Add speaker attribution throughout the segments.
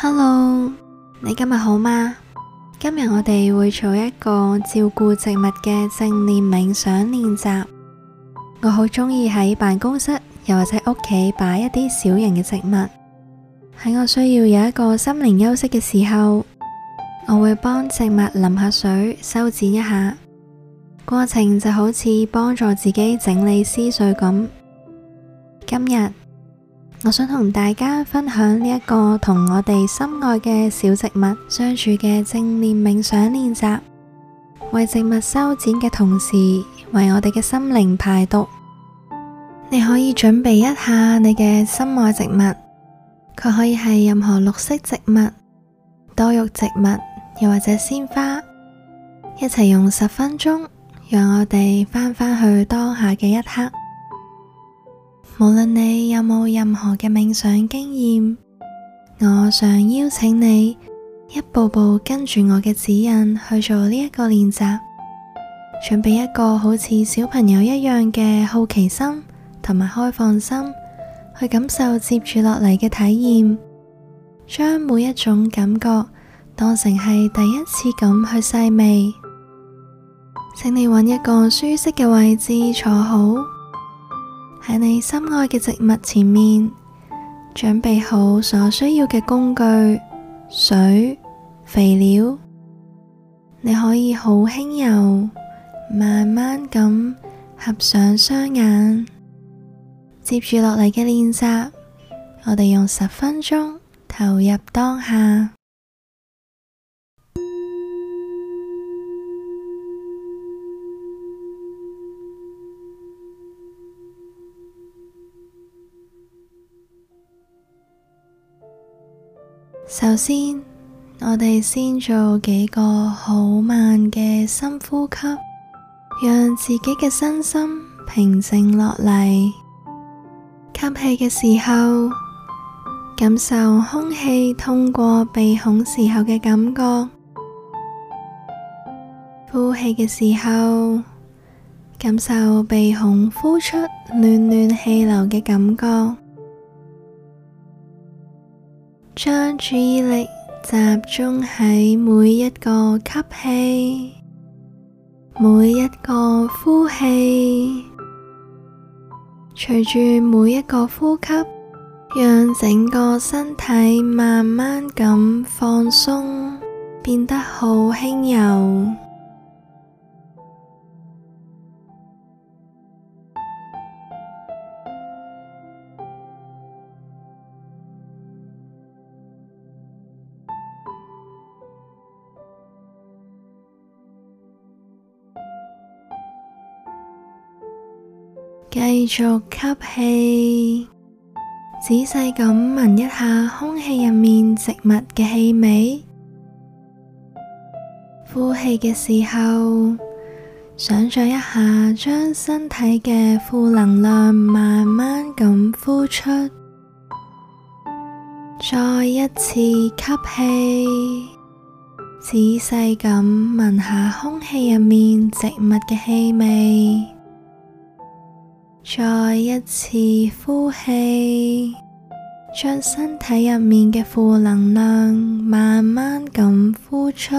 Speaker 1: Hello，你今日好嗎？今日我哋會做一個照顧植物嘅正念冥想練習。我好鍾意喺辦公室又或者屋企擺一啲小型嘅植物。喺我需要有一個心靈休息嘅時候，我會幫植物淋下水、修剪一下，過程就好似幫助自己整理思緒咁。今日，我想同大家分享呢一個同我哋心愛嘅小植物相處嘅正念冥想練習，為植物修剪嘅同時，為我哋嘅心靈排毒。你可以準備一下你嘅心愛植物，佢可以係任何綠色植物、多肉植物，又或者鮮花，一齊用十分鐘，讓我哋翻返去當下嘅一刻。無論你有冇任何嘅冥想經驗，我想邀請你一步步跟住我嘅指引去做呢一個練習，準備一個好似小朋友一樣嘅好奇心同埋開放心，去感受接住落嚟嘅體驗，將每一種感覺當成係第一次咁去細味。請你揾一個舒適嘅位置坐好。喺你心愛嘅植物前面，準備好所需要嘅工具、水、肥料。你可以好輕柔、慢慢咁合上雙眼。接住落嚟嘅練習，我哋用十分鐘投入當下。首先，我哋先做幾個好慢嘅深呼吸，讓自己嘅身心平靜落嚟。吸氣嘅時候，感受空氣通過鼻孔時候嘅感覺；呼氣嘅時候，感受鼻孔呼出暖暖氣流嘅感覺。將注意力集中喺每一個吸氣，每一個呼氣，隨住每一個呼吸，讓整個身體慢慢咁放鬆，變得好輕柔。繼續吸氣，仔細咁聞一下空氣入面植物嘅氣味。呼氣嘅時候，想象一下將身體嘅負能量慢慢咁呼出。再一次吸氣，仔細咁聞下空氣入面植物嘅氣味。再一次呼氣，將身體入面嘅負能量慢慢咁呼出，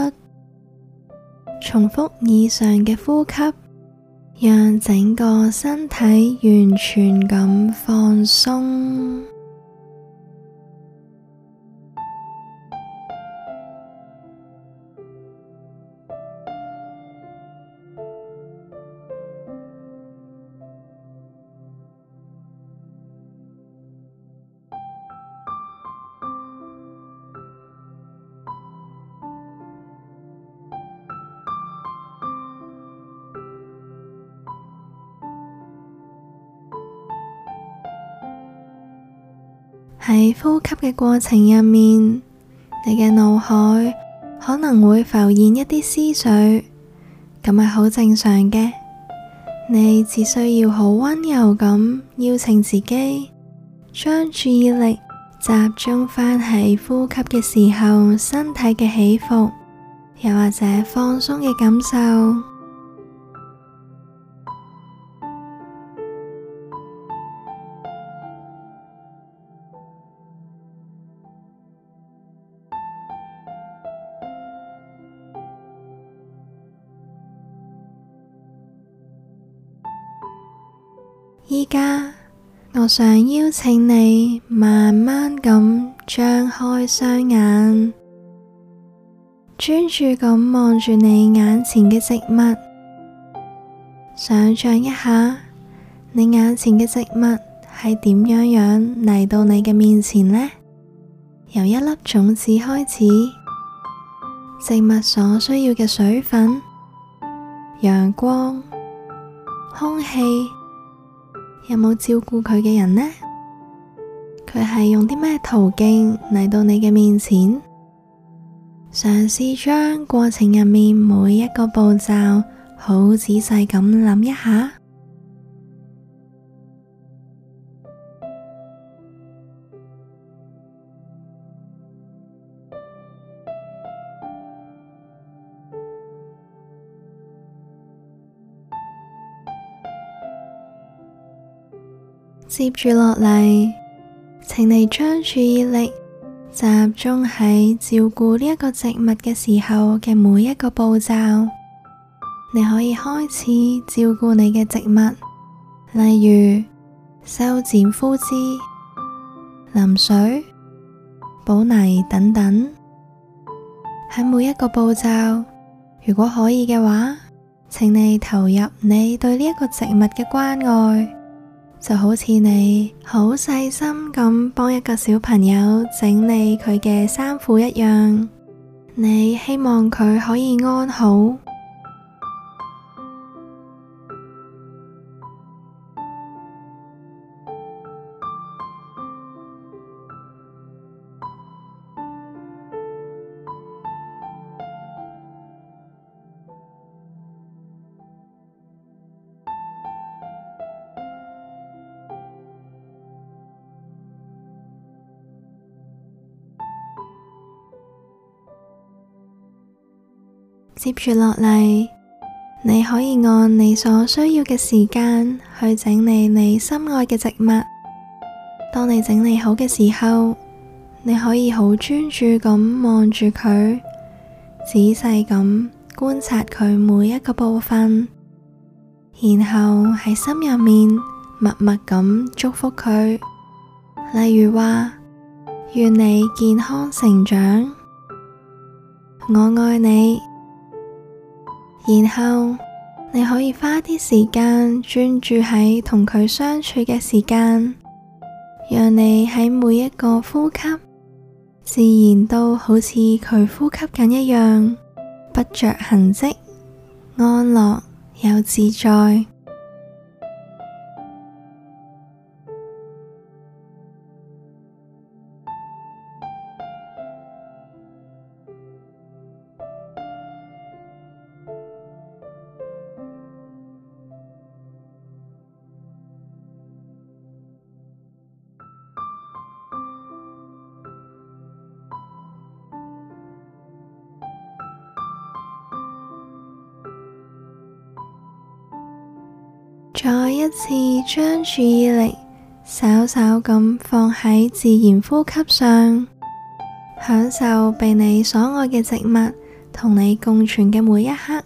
Speaker 1: 重複以上嘅呼吸，讓整個身體完全咁放鬆。喺呼吸嘅過程入面，你嘅腦海可能會浮現一啲思緒，咁係好正常嘅。你只需要好溫柔咁邀請自己，將注意力集中返喺呼吸嘅時候，身體嘅起伏，又或者放鬆嘅感受。而家，我想邀請你慢慢咁張開雙眼，專注咁望住你眼前嘅植物，想象一下，你眼前嘅植物係點樣樣嚟到你嘅面前呢？由一粒種子開始，植物所需要嘅水分、陽光、空氣。有冇照顧佢嘅人呢？佢係用啲咩途徑嚟到你嘅面前？嘗試將過程入面每一個步驟好仔細咁諗一下。接住落嚟，請你將注意力集中喺照顧呢一個植物嘅時候嘅每一個步驟。你可以開始照顧你嘅植物，例如修剪枯枝、淋水、補泥等等。喺每一個步驟，如果可以嘅話，請你投入你對呢一個植物嘅關愛。就好似你好細心咁幫一個小朋友整理佢嘅衫褲一樣，你希望佢可以安好。接住落嚟，你可以按你所需要嘅時間去整理你心愛嘅植物。當你整理好嘅時候，你可以好專注咁望住佢，仔細咁觀察佢每一個部分，然後喺心入面默默咁祝福佢。例如話：願你健康成長，我愛你。然後你可以花啲時間專注喺同佢相處嘅時間，讓你喺每一個呼吸，自然都好似佢呼吸緊一樣，不着痕跡，安樂又自在。再一次將注意力稍稍咁放喺自然呼吸上，享受被你所愛嘅植物同你共存嘅每一刻。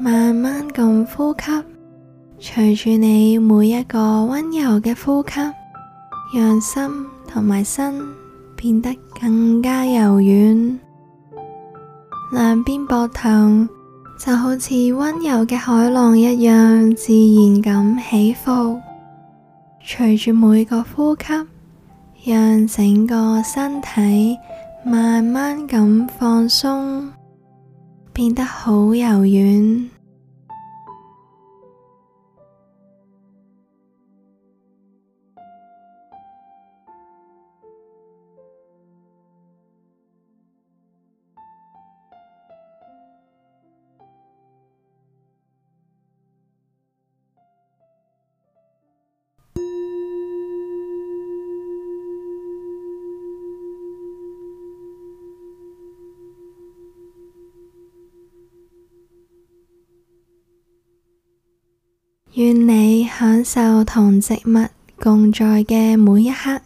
Speaker 1: 慢慢咁呼吸，隨住你每一個溫柔嘅呼吸，讓心同埋身變得更加柔軟。兩邊膊頭。就好似溫柔嘅海浪一樣，自然咁起伏。隨住每個呼吸，讓整個身體慢慢咁放鬆，變得好柔軟。願你享受同植物共在嘅每一刻。